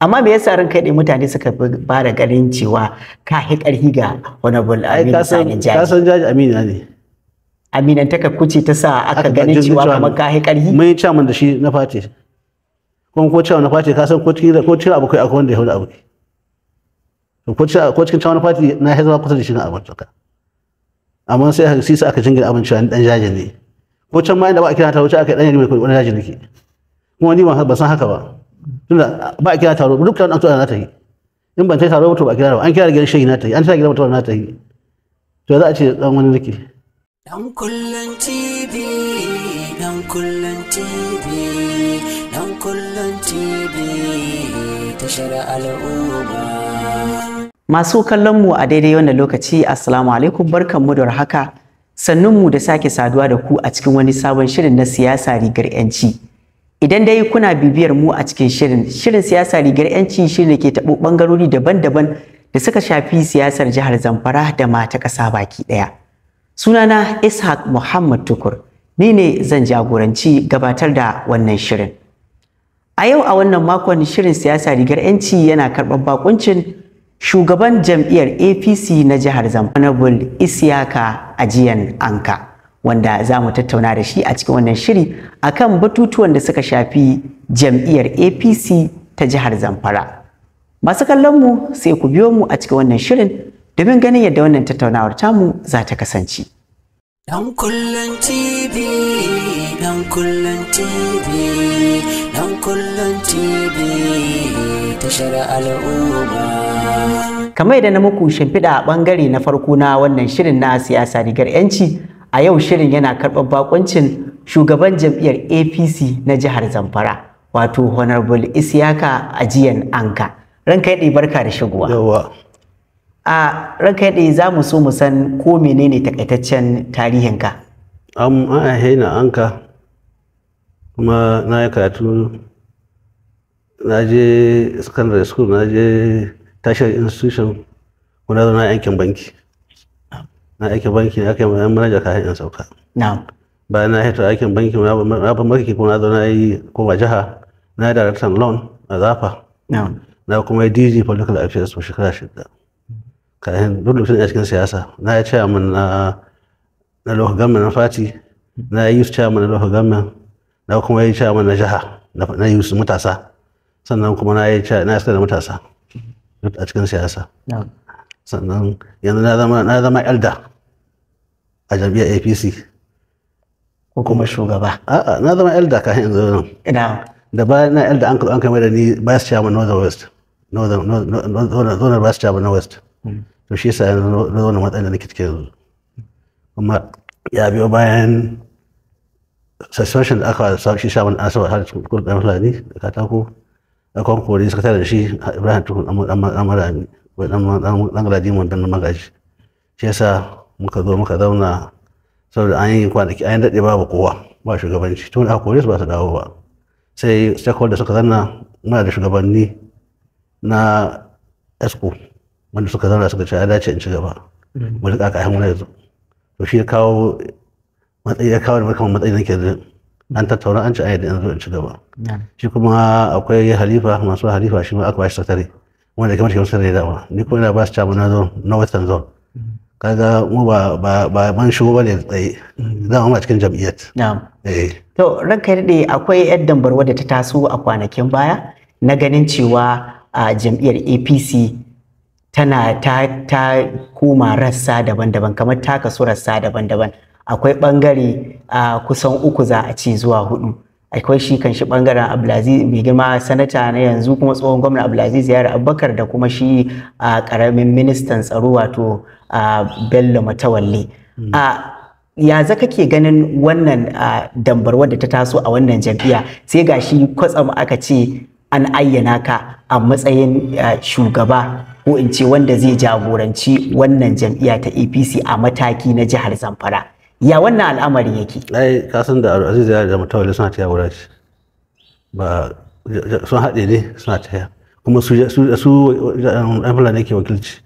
amma me yasa ranka dai mutane suka ba da ganin cewa ka hi karhi ga honorable Aminu Sani Jaji ka san Jaji Amina ne Aminan kuce ta sa aka ganin cewa kamar ka hi karhi mun yi chairman da shi na party kuma ko cewa na party ka san ko cikin ko cikin abu kai akwai wanda ya hauda abu ko cikin ko na chairman party na zama kusa da shi na abu tsaka amma sai aka sisa aka jingina abin cewa dan jaji ne ko can ma inda ba a kira ta wuce aka dan yi mai wani jaji nake kuma ni ban san haka ba tunda ba a kira taro duk taron an so na ta yi in ban ta taro ba to ba a kira ba an kira gidan shehi na ta yi an kira gidan mutuwa na ta yi to za a ce dan wani nake dan kullun tv dan kullun tv dan kullun tv tashar al'umma masu kallon mu a daidai wannan lokaci assalamu alaikum barkanmu da haka sannunmu da sake saduwa da ku a cikin wani sabon shirin na siyasa rigar 'yanci. Idan dai kuna bibiyar mu a cikin shirin, shirin siyasa rigar 'yanci shirin da ke taɓo ɓangarori daban-daban da suka shafi siyasar jihar Zamfara da ma ta ƙasa baki ɗaya. Sunana Ishaq Muhammad Tukur, ni ne zan jagoranci gabatar da wannan shirin. A yau a wannan makon shirin siyasa rigar 'yanci yana karɓar bakuncin shugaban jam'iyyar APC na jihar Zamfara, Honorable Isiyaka Ajiyan Anka. wanda za mu tattauna da shi a cikin wannan shiri akan batutuwan da suka shafi jam'iyyar apc ta jihar zamfara masu kallon mu sai ku biyo mu a cikin wannan shirin domin ganin yadda wannan tattaunawar tamu za ta kasance kamar yadda na muku shimfiɗa a ɓangare na farko na wannan shirin na siyasa rigar 'yanci a yau shirin yana karɓar bakuncin shugaban jam'iyyar apc na jihar zamfara wato honorable isiyaka ajiyan anka ranka yaɗe barka da shigowa a ranka yaɗe za mu so mu san ko menene takaitaccen tarihinka an na anka kuma na yi karatu na je secondary school na je tashar institution kuna zauna yankin banki na aikin banki na kai mai manaja kayan yan sauka bayan na hito aikin banki na ban banki kuma na zo na yi kuma jiha na yi daraktan loan a zafa na kuma yi dg political affairs for shekara shida Kayan duk lokacin a cikin siyasa na yi chairman na na local government na fati na yi youth chairman na local government na kuma yi chairman na jiha na youth matasa sannan kuma na yi na yi matasa a cikin siyasa sannan yanzu na zama na zama elda a jam'iyyar apc ko kuma shugaba a'a na zama elda kafin yanzu nan ina da bayan na elda an an kai da ni vice chairman northern west northern northern vice chairman na west to shi yasa yanzu na zo na matsayin da nake cikin kuma ya biyo bayan suspension da aka sa shi shaman asabar har fulani da katako da da shi ibrahim tukun amurami wai dan galadiman dan magaji shi yasa muka zo muka zauna saboda an yi kwanaki an daɗe babu kowa ba shugabanci tun aka kore su ba su dawo ba sai stakeholder suka zanna muna da shugabanni na esco wanda suka zauna suka ce ya dace in ci gaba mu rika ka mu yanzu to shi ya kawo matsayi ya kawo da kamar matsayi nake da an tattauna an ci ayyadin yanzu in ci gaba shi kuma akwai halifa masu halifa shi ma aka ba shi satare. wanda kamar shi wasu da dama ni kuma ina ba su camu na zo na western zone kaga mu ba ba ba ban shigo ne tsaye mu ma cikin jam'iyyar eh. to ranka dade akwai yan dambar da ta taso a kwanakin baya na ganin cewa a jam'iyyar APC tana ta ta koma rassa daban-daban kamar ta kasu rassa daban-daban akwai bangare a kusan uku za a ce zuwa hudu akwai shi kan shi bangaren abdulaziz mai girma sanata na yanzu kuma tsohon gwamna abdulaziz yari abubakar da kuma shi a karamin ministan tsaro wato a bello matawalle hmm. a ya za kake ganin wannan dambar ta taso a wannan jam'iyya sai gashi kwatsam aka ce an ayyana ka a matsayin shugaba ko in ce wanda zai jagoranci wannan jam'iyya ta apc a mataki na jihar zamfara ya wannan al'amari yake ai ka san da aziz ya da mutawalli suna taya wura ce ba sun haɗe ne suna taya kuma su su su ɗan fulani ke wakilci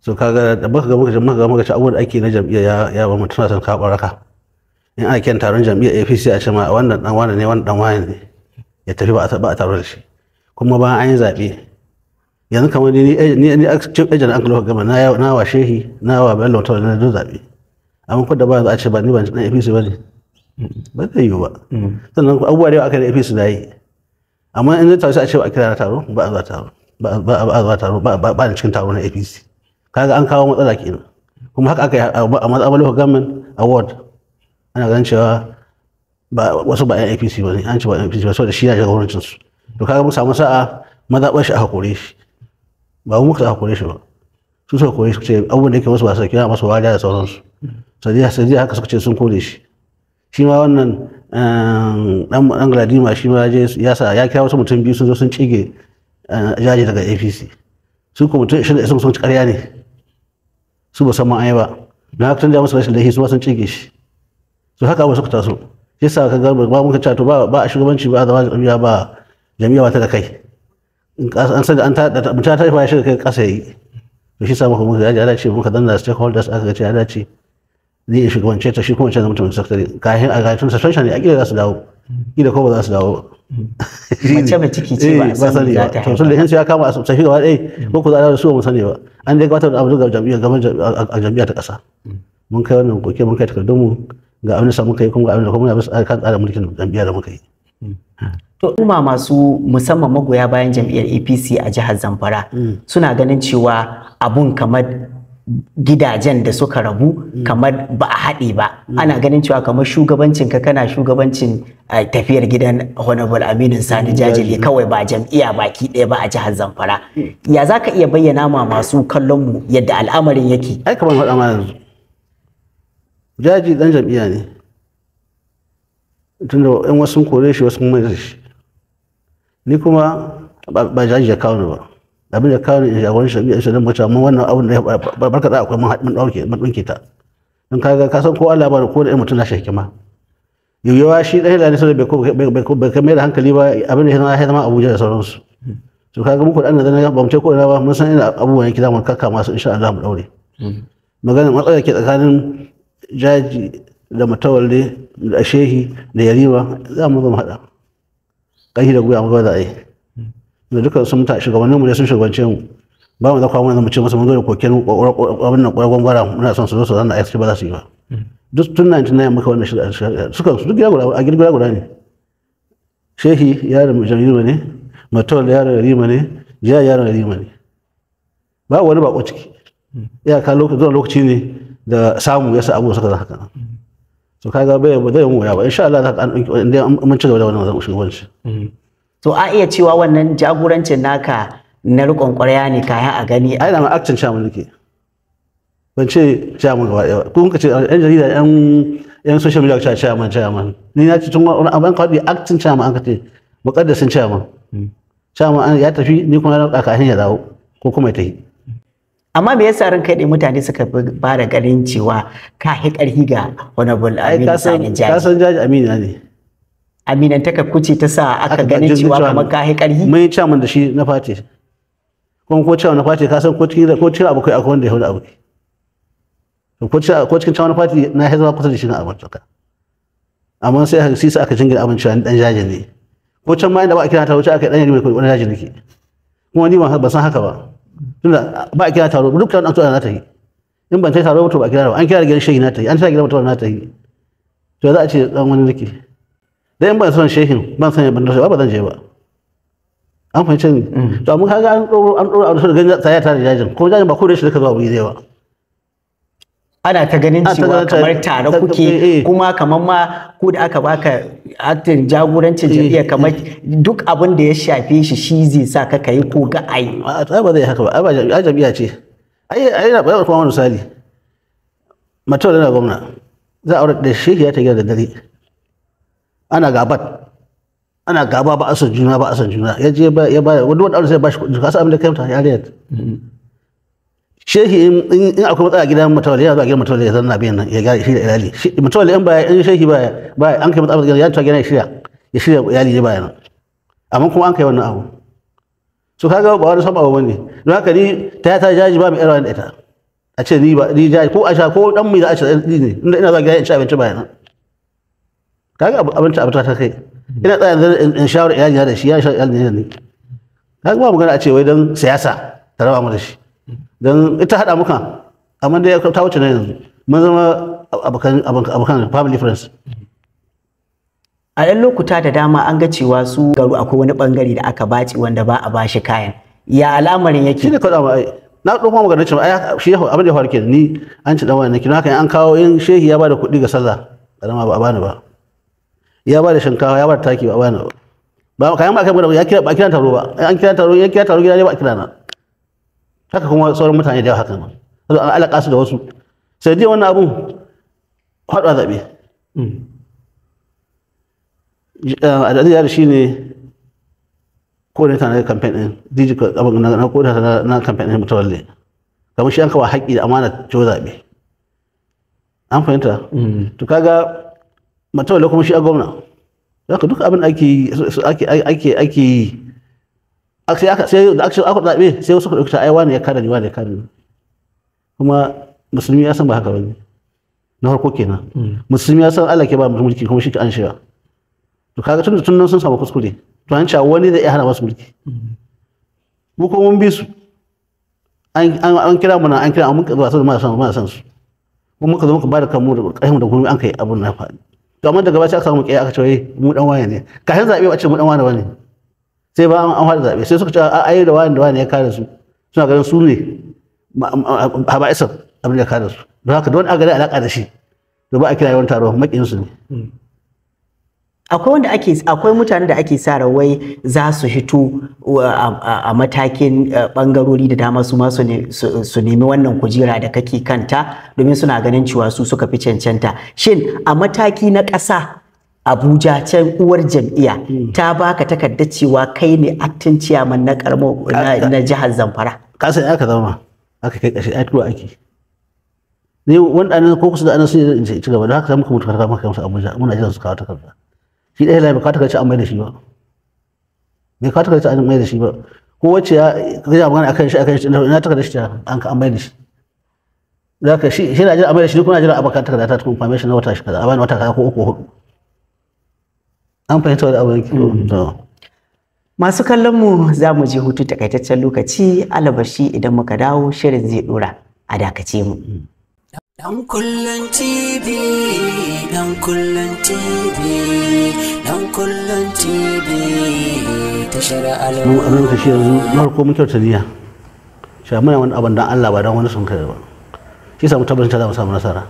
so kaga da baka ga muka ga muka ci abubuwan ake na jam'iyya ya ya ba mutuna san ka baraka in ake kyan taron jam'iyyar APC a ce ma wannan dan wani ne wannan dan wani ne ya tafi ba a ba a taron shi kuma bayan an yi zaɓe yanzu kamar ni ni ni a cikin ejen an kuma na na wa shehi na wa bello to na do zaɓe amma ko da ba za a ce ba ni ba dan APC ba ne ba zai yiwu ba mm. sannan abubuwa da yawa aka yi APC da yi amma in zai taru a ce ba a kira na taro ba a zuwa taro ba a zuwa taro ba a cikin taro na APC kaga an kawo matsala kenan kuma haka aka yi a matsabar local government award ana ganin cewa wasu ba 'yan apc ba ne an ce ba 'yan apc ba saboda shi na jagorancin su to kaga mun samu sa'a mazaɓar shi a hakure shi ba mu muka hakure shi ba su suka kore shi ce abubuwan da yake masu ba su kira masu wariya da sauransu Sadiya haka suka ce sun kore shi shi ma wannan eh, dan gladima shi ma ya sa ya kira wasu mutum biyu sun zo sun cige eh, jaji daga apc su ko mutum shi da isa sun ci karya ne su ba san ma ba Na haka tunda masu musu rashin laifi su ma sun cige shi su haka ba su kuta taso shi sa ka ga ba muka ka to ba a shugabanci ba a zama jami'a ba jami'a ba ta da kai an san da an ta mutum ta tafi ya da kai kasa yi shi sa muka muka ya dace muka danna stakeholders aka ce ya dace zai iya shugabance ta shi kuma wancan zama mutumin sakatare kayan a kayan suspension ne a kila za su dawo kila ko ba za su dawo hmm. mace mai ciki ce ba eh, a sani ba to sun da hinsu ya kama a tafi gaba ɗaya ko ku za a dawo su ba mu sani ba an dai gabatar da abu ga jami'a gaban a jam'iyyar ta ƙasa hmm. mun kai wannan koke mun kai takardun mu ga abin da muka yi kuma ga abin da kuma muna bisa kan tsarin mulkin jami'a da muka yi hmm. to kuma masu musamman magoya bayan jami'ar APC a jihar Zamfara suna ganin cewa abun kamar gidajen da suka rabu mm. kamar ba a haɗe ba ana mm. ganin cewa kamar shugabancin ka kana shugabancin tafiyar gidan honorable aminu sani mm, jajili kawai ba jam'iyya baki ɗaya ba a jihar zamfara ya za ka iya bayyana ma masu kallon mu yadda al'amarin yake ai kamar faɗa ma yanzu jaji dan jam'iyya ne tunda yan wasu kore shi wasu mai shi ni kuma ba jaji ya kawo ni ba abin da kawo ya wani shari'a a shirin mace amma wannan abin da barka da akwai mun dauke mun dinke ta in kaga ka san ko Allah ba ko da mutum na shi hikima yawa shi dai da ne sai bai bai kai mai da hankali ba abin da ya zama Abuja da sauransu to kaga muku da nan ba mu ce ko ina ba mun san ina abubuwan yake zamu kakka masu insha Allah mu daure magana matsala ke tsakanin jaji da mutawalle da shehi da yariwa za mu zama hada ƙarfi da guya mu ba za a yi da duka sun ta shugabannin mu ne sun shugabance mu ba mu da kwa mun ce musu mun zo da koken abin nan kwagon gwara muna son su zo su zanna aiki ba za su yi ba mm. duk tun 99 muka wannan shirya suka su duk ya guda a girgira guda ne shehi yaron jamiru ne matol yaron rima ne jiya yaron rima ne ba wani bako ciki mm. Ya ka lokaci lokaci ne da samu ya sa abubuwa suka za haka nan to mm. kaga bai ba zai mu ya ba insha Allah za ka an mun ci gaba da wannan shugabanci To a iya cewa wannan jagorancin naka na riƙon ƙwarya ne kaya a gani ai na aktin shamu nake ban ce shamu gaba ɗaya kun ka ce yan jarida yan yan social media cha chairman chairman ni na ce tun wani abin kawai aktin chairman an ka ce muƙaddasin chairman hmm. chairman ya tafi ni kuma na kakahin ya dawo ko kuma ya tafi amma me yasa ran kai mutane suka ba da ganin cewa ka hi ƙarfi ga honorable Aminu Sani Jaji ka san Jaji Aminu ne aminantaka kuce ta sa aka ganin cewa kamar ka hai karhi mun yi caman da shi na fati kuma ko cewa na fati ka san ko cikin ko cikin abokai akwai wanda ya da abokai ko cikin ko cikin na fati na haizuwa kusa da shi na tsaka. amma sai aka sisa aka jingina abin cewa dan jaje ne ko can ma inda ba a kira ta wuce aka dan yari mai wani jaje nake kuma ni ban san haka ba tunda ba a kira taro dukkan an tsaya na ta yi in ban sai taro ba to ba a kira ba an kira da gidan shehi na ta yi an kira gidan mutum na ta yi to za a ce dan wani nake dan ban son shehin ban son ban da ba zan je ba an fahimci ni mm. to amma kaga an doro an doro a da ganin tsaya tare da jajin ko jajin ba ko da shi duka zo wuri zai ba ana ta ganin cewa kamar tare kuke eh, eh. kuma kamar ma ku da aka baka aktin jagorancin eh, jami'a kamar duk abin da ya shafe shi shi zai sa ka kai ko ga ai a ba zai haka ba a jam'iyya ce ai ai na bayar kuma misali mutum da gwamna za a aure da shehi ta gida da dare ana gabat ana gaba ba asan juna ba asan juna ya je ya ba wani wani sai ba shi kuɗi kasa abin da kai mata yariya shehi in akwai matsala gidan matawali ya zuwa a gidan matawali ya zanna biyan nan ya gane shi da iyali matawali in baya in shehi baya baya an kai matsala gidan ya ta gidan ya shirya ya shirya iyali ya baya nan amma kuma an kai wannan abu so kaga ba wani sabawa ba ne don haka ni ta ta jaji ba mai irawa da ita a ce ni ba ni jaji ko a sha ko dan mai za a ce ni ne inda ina za gidan in ci abinci baya nan kaga abinci abin ta kai ina tsaya yanzu in shawar iyali da shi ya shawar iyali da ne kaga ba magana a ce wai don siyasa ta raba mu da shi don ita hada muka amma dai ta wuce na yanzu mun zama abokan family friends a 'yan lokuta da dama an ga cewa su garu akwai wani bangare da aka baci wanda ba a bashi kayan ya alamarin yake shine kawai ai na ɗauko magana cewa ai shi abin da ya faru kenan ni an ci dan wani kina haka an kawo in shehi ya ba da kuɗi ga sallah karama ba a bani ba ya ba da shinkawa ya ba da taki ba ba na ba kayan ba kai ya kira ba kira taro ba an kira taro ya kira taro gida ne ba kira na haka kuma sauran mutane da haka ma an alaka su da wasu sai dai wannan abun haɗuwa zaɓe eh, al'adiyar shi ne kodin ta na kamfen ɗin dj na kodin ta na kamfen ɗin mutawalle kamar shi an kawo haƙƙi da amana ciwo zaɓe an fahimta mm. to kaga matawalle kuma shi a gwamna haka duka abin ake ake ake ake sai aka sai da aka zabe sai wasu ka dauki ai wani ya kare ni wani ya kare ni kuma musulmi ya san ba haka ba ne. na farko kenan hmm. musulmi ya san Allah ke ba mutum mulki kuma shi ke an shiga to kaga tun da tun nan sun samu kuskure to an cewa wani zai iya hana masu mulki hmm. mu ko mun bi su an kira mu na an kira mun ka zuwa su ma san su mun muka zo muka ba da kanmu da ƙarfin da gurbi an kai abun na faɗi to amma daga baya aka samu kiyaye aka ce eh, mu dan waye ne kafin zabe ba ce mu dan waya bane sai ba an hada zabe sai suka ce a ai da wani da wani ya kare su suna ganin su ne haba isar abin da ya kare su don haka don a gani alaka da shi to ba a kira yawan taro makin su ne hmm. akwai wanda ake akwai mutanen da ake sa rawai za su hito uh, a matakin bangarori uh, da dama su ma su nemi wannan kujera da kake kanta domin suna ganin cewa su suka fi cancanta shin a mataki na ƙasa abuja can uwar jam'iyya hmm. ta baka takarda cewa kai ne aktin ciyaman na karmo na jihar zamfara kasa ya aka zama aka kai kashi ai tuwa ake ne wanda anan ko kusa da anan sai in ci gaba da haka muka mutu karka maka musu abuja muna jiran su kawo takarda shi ɗaya lai bukata ka ci an mai da shi ba bai ka taka an mai da shi ba ko wacce ya zai magana akan shi akan shi ina taka da shi an ka an mai da shi za ka shi shi na jira an mai da shi kuna jira abokan taka da ta tukun kwame shi na wata shi kaza a bani wata kaza ko uku hudu an fahimta da abin mm. masu kallon mu za mu je hutu takaitaccen lokaci alabashi idan muka dawo shirin zai dora a dakace mu. Mm. Dan kullun TV, dan kullun TV, dan kullun TV, tashar alamu. Mun anan ka shi yanzu na ko mun kyauta niyya. Shi muna wani abin dan Allah ba dan wani sun kai ba. Shi samu tabbacin ta za mu samu nasara.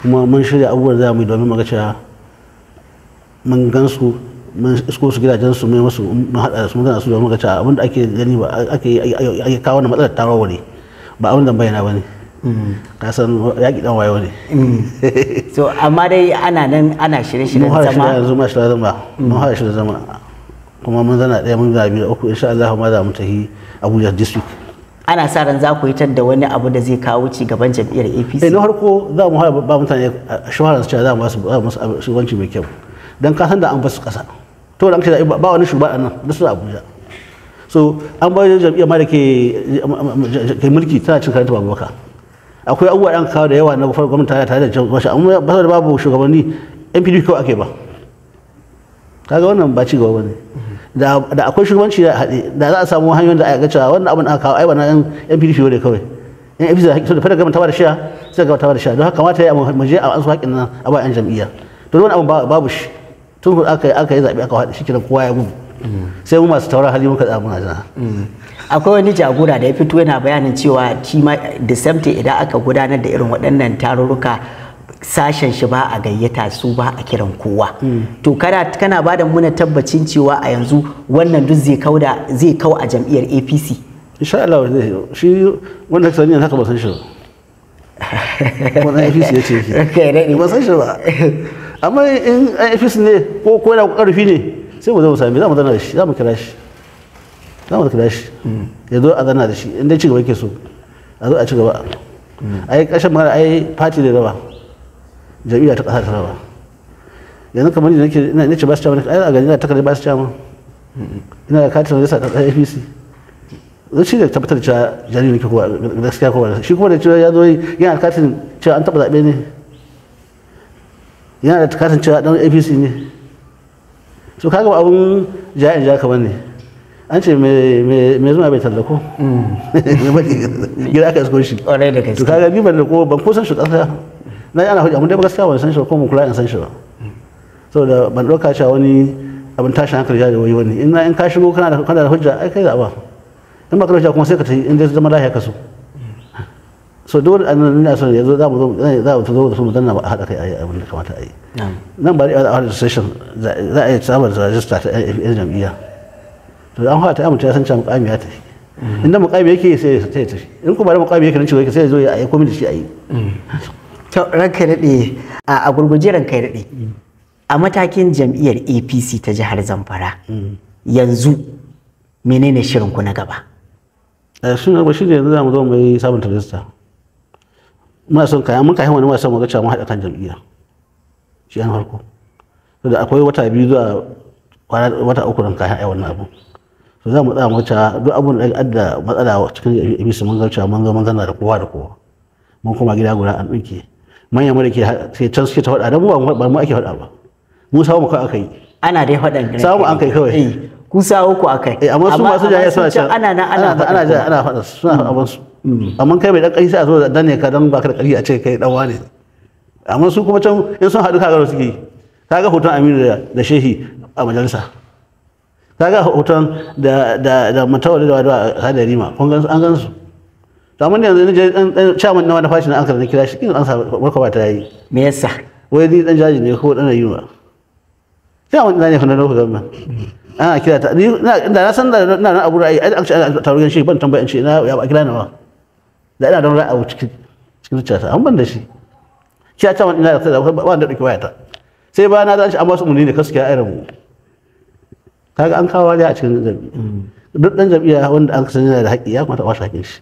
Kuma mun shirya abubuwan za mu yi domin mu cewa mun gansu mun isko su gidajen su mun masu mun hada su mun gana su domin mu cewa abin da ake gani ba ake kawo na matsalar ne ba abin da bayyana ba ne. Kasan ya yaƙi dan wayo ne mm. so amma dai ana nan ana shirye shirye zama mun zuma shirye zama mun haɗa shirye mm. zama kuma mun zana ɗaya mun zana biyu uku insha Allah ma za mu tafi Abuja district ana sa ran za ku yi da wani abu da zai kawo ci gaban jam'iyyar APC eh, na farko za mu ba mutane shawarar cewa za mu ba su shugabanci mai kyau dan ka san da an ba su to da an ba wani shugaba nan da su Abuja so an ba jam'iyyar ma da ke mulki tana cin karanta babu baka akwai abubuwa ɗan kawo da yawa na bufar gwamnati tare da jama'a amma ba da babu shugabanni yan pdp kawai ake ba kaga wannan ba ci gaba ne da akwai shugabanci da haɗe da za a samu hanyoyin da ga cewa wannan abin aka kawo ai bana yan pdp ne kawai yan pdp da haƙƙi da fara gama ta da shiya sai gama ta da shiya don haka kamata ya a maje a an su haƙƙin nan a ba yan jam'iyya to wani abin babu shi tun aka yi zaɓe aka haɗe shi kiran kowa ya gudu mm. sai mu masu tauran hali muka zaɓi muna jana akwai wani jagora da ya fito yana bayanin cewa kima da samte idan aka gudanar da irin waɗannan tarurruka sashen shi ba a gayyata su ba a kiran kowa hmm. to kana kana ba da muna tabbacin cewa a yanzu wannan duk zai kauda zai kau a jam'iyyar APC insha Allah zai shi wannan ka haka ba san shi wannan APC ya ce ki ba san shi ba amma in APC ne ko ko da karfi ne sai mu zo mu sami za mu zana shi za mu kira shi za mu kira shi ya zo a zana da shi inda ci gaba ke so a zo a ci gaba a yi ƙashin mara a yi fati da raba jam'iyya ta ƙasa ta raba yanzu kamar yadda nake ina ne ce ba su cewa ai a gani na takardar ba su cewa ina da katin rasa ta apc zai shi da tabbatar cewa jariri ke kowa gaskiya kowa da shi kuma da cewa ya zo yana katin cewa an taɓa zaɓe ne yana da katin cewa ɗan apc ne so kaga abun ja'in ja kamar ne an ce me zuma bai tallako mm. gida aka isko shi ƙwarai da shi. to kaga bi ban da ko ban ko san shi kasa na yi ana hujja mun dai gaskiya ban san shi ko mun kula in san shi ba saboda ban ɗauka a wani abin tashin hankali ya da wai wani in in ka shigo kana da kana da hujja ai kai zaɓa in ba ka hujja kuma sai ka tafi in dai zama lafiya ka so so dole an nan ina so yanzu za mu zo za mu zo da su mu danna a haɗa kai a yi abin da kamata a yi nan ba da association za a yi samun rajista ta yan jam'iyya to an fara ta amince ya san can mukami ya tafi inda mukami yake sai ya tafi in kuma da mukami yake nan ciwo sai ya zo ya yi komai da shi ayi to ranka daɗe a gurguje ranka daɗe a matakin jam'iyyar apc ta jihar zamfara yanzu menene shirin ku na gaba eh, shin ba shi ne yanzu zamu zo mu yi sabunta rajista muna son kayan mun kayan wani muna son mu ga cewa mun haɗa kan jam'iyya shi an farko da akwai wata biyu zuwa wata uku ran kayan ai wannan abu to za mu tsaya mace duk abin da adda matsala cikin ibisu mun zarce mun zo mun zanna da kowa da kowa mun koma gida guda an ɗauke manyan mulki sai can suke ta faɗa da mu ba mu ake faɗa ba mu samu kawai aka yi ana dai faɗan mu an kai kawai eh, ku sawo ku akai eh, amma su masu jaya suna can ana nan ana faɗa ana jaya ana faɗa suna mm. faɗa abin su mm. amma kai mai dan ƙarfi sai a zo da danne ka dan baka da ƙarfi a ce kai dan wane amma su kuma can in sun haɗu kaga suke ka ga hoton Aminu da shehi a majalisa ga hoton da da da da wadawa hadari ma kun gan an gan su to amma yanzu ne dan chairman na wani fashi na ankara na kira shi kin an sa barka ba ta yi me yasa wai ni dan jaji ne ko dan rayuwa chairman na ne fa na lokaci ana kira ta ni da na san da na na abu ra'ayi ai an ce tarugan shi ban tambayan shi na ya ba kira na ba da ina don ra'ayi cikin cikin zuciyata an ban da shi shi ya ina da ba da dauki wayata sai ba na da shi amma su mun ne kaskiya irin mu kaga an kawo wariya a cikin jam'iyya mm. duk dan jam'iyya wanda an kasance yana da haƙƙi ya kamata a washe haƙƙin shi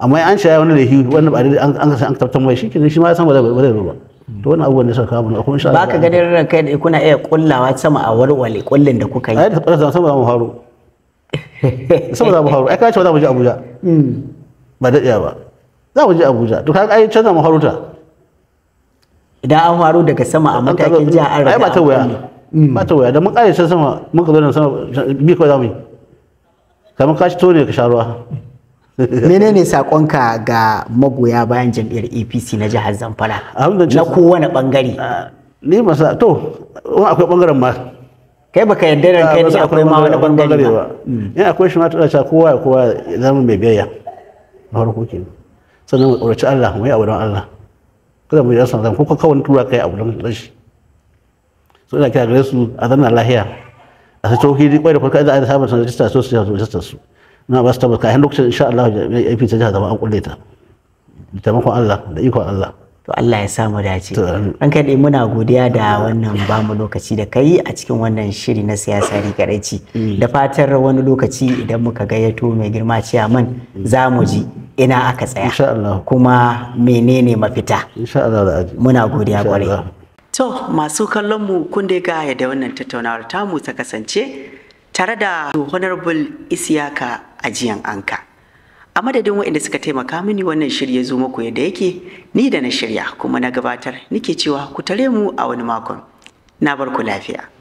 amma an shaya wani hiyu wanda ba daidai an kasance an tabbatar mai shi kenan shi ma ya san ba zai ba to wannan abubuwan ne suka kawo mana kuma insha Allah baka ganin ran kai kuna iya kullawa sama a warware kullin da kuka yi ai da tsara sama za mu faro sama za mu faro ai kace ba za mu je Abuja mm. ba daɗiya ba za mu je Abuja to kaga ai canza mu faro ta idan an faru daga sama a matakin jiha an ai ba ta wuya ba mm. ta waya da mun ƙare sai sama mun ka zo nan sama bi kawai za mu yi kamar ka ci tone ka sha ruwa menene sakonka ga magoya bayan jam'iyyar apc na jihar zamfara na kowane bangare ah, ni masa to wani akwai bangaren ma kai baka yarda da kai ne ah, akwai ma wani bangare ba mm. in akwai shi ma tana sha kowa ya kowa zama mai biyayya na farko kenan sannan mu tsoraci Allah mu yi abu don Allah kada mu yi asan zan ko ka kawai tura kai abu don so ina kira gare su a zanna lahiya a sai tsohi kwai da kwarka idan an samu rajista so su yi rajistar su na ba su tabbata kafin lokacin insha Allah ya fi ta jiha zama an kulle ta da taimakon Allah da ikon Allah to Allah ya samu dace an kai dai muna godiya da wannan bamu lokaci da kai a cikin wannan shiri na siyasa rigaraici da fatar wani lokaci idan muka gayyato mai girma man za mu ji ina aka tsaya kuma menene mafita muna godiya kwarai To masu kallon mu kun dai gaya da wannan tattaunawar tamu ta kasance tare da Honorable Isiyaka Ajiyan Anka. A madadin waɗanda suka taimaka mini wannan shirye zo muku yadda yake ni da na shirya kuma na gabatar nike cewa ku tare mu a wani makon. Na bar ku lafiya.